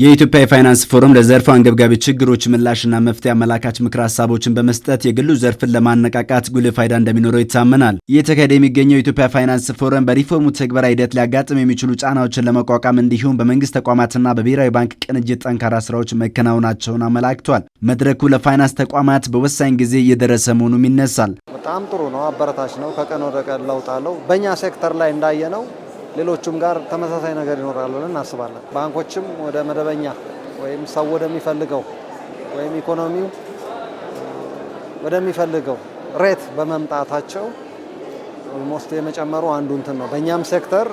የኢትዮጵያ የፋይናንስ ፎረም ለዘርፉ አንገብጋቢ ችግሮች ምላሽና መፍትሄ አመላካች ምክር ሀሳቦችን በመስጠት የግሉ ዘርፍን ለማነቃቃት ጉልህ ፋይዳ እንደሚኖረው ይታመናል። እየተካሄደ የሚገኘው የኢትዮጵያ ፋይናንስ ፎረም በሪፎርሙ ትግበራ ሂደት ሊያጋጥም የሚችሉ ጫናዎችን ለመቋቋም እንዲሁም በመንግስት ተቋማትና በብሔራዊ ባንክ ቅንጅት ጠንካራ ስራዎች መከናወናቸውን አመላክቷል። መድረኩ ለፋይናንስ ተቋማት በወሳኝ ጊዜ እየደረሰ መሆኑም ይነሳል። በጣም ጥሩ ነው፣ አበረታች ነው። ከቀን ወደ ቀን ለውጥ አለው። በእኛ ሴክተር ላይ እንዳየ ነው ሌሎቹም ጋር ተመሳሳይ ነገር ይኖራል ብለን እናስባለን። ባንኮችም ወደ መደበኛ ወይም ሰው ወደሚፈልገው ወይም ኢኮኖሚው ወደሚፈልገው ሬት በመምጣታቸው ኦልሞስት የመጨመሩ አንዱ እንትን ነው። በእኛም ሴክተር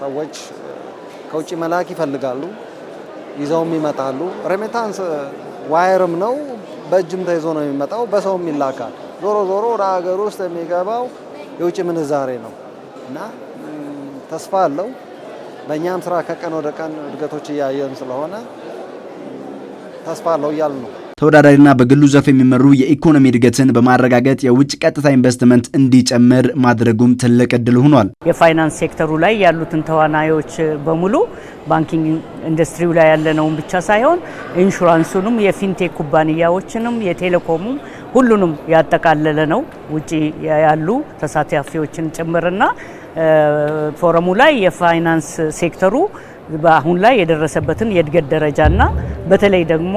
ሰዎች ከውጭ መላክ ይፈልጋሉ፣ ይዘውም ይመጣሉ። ሬሜታንስ ዋይርም ነው፣ በእጅም ተይዞ ነው የሚመጣው፣ በሰውም ይላካል። ዞሮ ዞሮ ወደ ሀገር ውስጥ የሚገባው የውጭ ምንዛሬ ነው እና ተስፋ አለው። በእኛም ስራ ከቀን ወደ ቀን እድገቶች እያየን ስለሆነ ተስፋ አለው እያል ነው። ተወዳዳሪና በግሉ ዘርፍ የሚመሩ የኢኮኖሚ እድገትን በማረጋገጥ የውጭ ቀጥታ ኢንቨስትመንት እንዲጨምር ማድረጉም ትልቅ እድል ሆኗል። የፋይናንስ ሴክተሩ ላይ ያሉትን ተዋናዮች በሙሉ ባንኪንግ ኢንዱስትሪው ላይ ያለነውን ብቻ ሳይሆን ኢንሹራንሱንም፣ የፊንቴክ ኩባንያዎችንም፣ የቴሌኮሙም ሁሉንም ያጠቃለለ ነው። ውጪ ያሉ ተሳታፊዎችን ጭምርና ፎረሙ ላይ የፋይናንስ ሴክተሩ በአሁን ላይ የደረሰበትን የእድገት ደረጃና በተለይ ደግሞ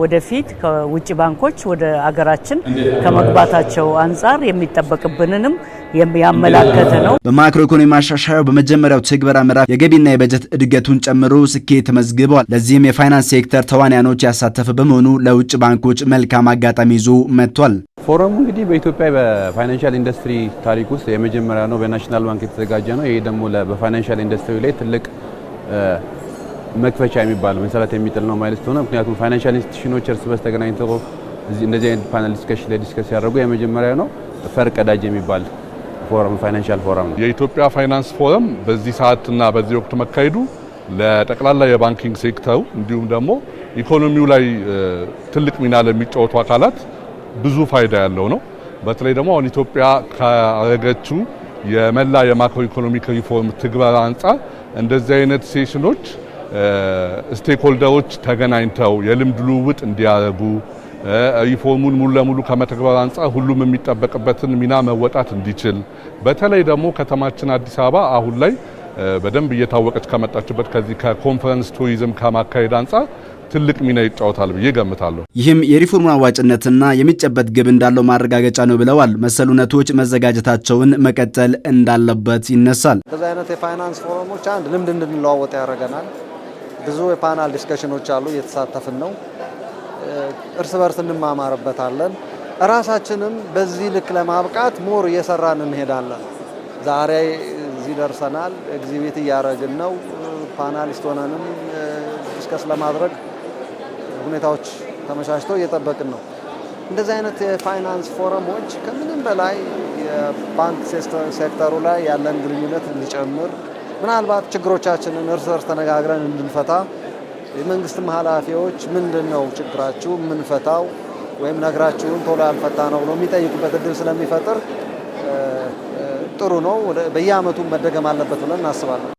ወደፊት ከውጭ ባንኮች ወደ አገራችን ከመግባታቸው አንጻር የሚጠበቅብንንም የሚያመላከተ ነው። በማክሮ ኢኮኖሚ ማሻሻያው በመጀመሪያው ትግበራ ምዕራፍ የገቢና የበጀት እድገቱን ጨምሮ ስኬት ተመዝግበዋል። ለዚህም የፋይናንስ ሴክተር ተዋንያኖች ያሳተፈ በመሆኑ ለውጭ ባንኮች መልካም አጋጣሚ ይዞ መጥቷል። ፎረሙ እንግዲህ በኢትዮጵያ በፋይናንሻል ኢንዱስትሪ ታሪክ ውስጥ የመጀመሪያ ነው። በናሽናል ባንክ የተዘጋጀ ነው። ይሄ ደግሞ በፋይናንሻል ኢንዱስትሪ ላይ ትልቅ መክፈቻ የሚባለው መሰረት የሚጥል ነው ማለት ሆነ። ምክንያቱም ፋይናንሻል ኢንስቲትዩሽኖች እርስ በርስ ተገናኝተው እንደዚህ አይነት ፓነል ዲስከሽን ላይ ዲስከስ ያደረጉ የመጀመሪያ ነው። ፈርቀዳጅ የሚባል ፎረም ፋይናንሻል ፎረም ነው። የኢትዮጵያ ፋይናንስ ፎረም በዚህ ሰዓትና በዚህ ወቅት መካሄዱ ለጠቅላላ የባንኪንግ ሴክተሩ እንዲሁም ደግሞ ኢኮኖሚው ላይ ትልቅ ሚና ለሚጫወቱ አካላት ብዙ ፋይዳ ያለው ነው። በተለይ ደግሞ አሁን ኢትዮጵያ ካረገችው የመላ የማክሮ ኢኮኖሚክ ሪፎርም ትግበራ አንጻር እንደዚህ አይነት ሴሽኖች ስቴክሆልደሮች ተገናኝተው የልምድ ልውውጥ እንዲያደርጉ ሪፎርሙን ሙሉ ለሙሉ ከመተግበር አንጻር ሁሉም የሚጠበቅበትን ሚና መወጣት እንዲችል በተለይ ደግሞ ከተማችን አዲስ አበባ አሁን ላይ በደንብ እየታወቀች ከመጣችበት ከዚህ ከኮንፈረንስ ቱሪዝም ከማካሄድ አንጻር ትልቅ ሚና ይጫወታል ብዬ ገምታለሁ። ይህም የሪፎርሙ አዋጭነትና የሚጨበት ግብ እንዳለው ማረጋገጫ ነው ብለዋል። መሰል እውነቶች መዘጋጀታቸውን መቀጠል እንዳለበት ይነሳል። እንደዚህ አይነት የፋይናንስ ፎረሞች አንድ ልምድ እንድንለዋወጥ ያደርገናል። ብዙ የፓናል ዲስከሽኖች አሉ፣ እየተሳተፍን ነው። እርስ በርስ እንማማርበታለን። እራሳችንም በዚህ ልክ ለማብቃት ሞር እየሰራን እንሄዳለን። ዛሬ እዚህ ደርሰናል። ኤግዚቢት እያደረግን ነው። ፓናሊስት ሆነንም ዲስከስ ለማድረግ ሁኔታዎች ተመቻችተው እየጠበቅን ነው። እንደዚህ አይነት የፋይናንስ ፎረሞች ከምንም በላይ የባንክ ሴክተሩ ላይ ያለን ግንኙነት እንዲጨምር ምናልባት ችግሮቻችንን እርስ በርስ ተነጋግረን እንድንፈታ የመንግስትም ኃላፊዎች ምንድን ነው ችግራችሁ የምንፈታው ወይም ነግራችሁን ቶሎ ያልፈታ ነው ብሎ የሚጠይቁበት እድል ስለሚፈጥር ጥሩ ነው። በየአመቱ መደገም አለበት ብለን እናስባለን።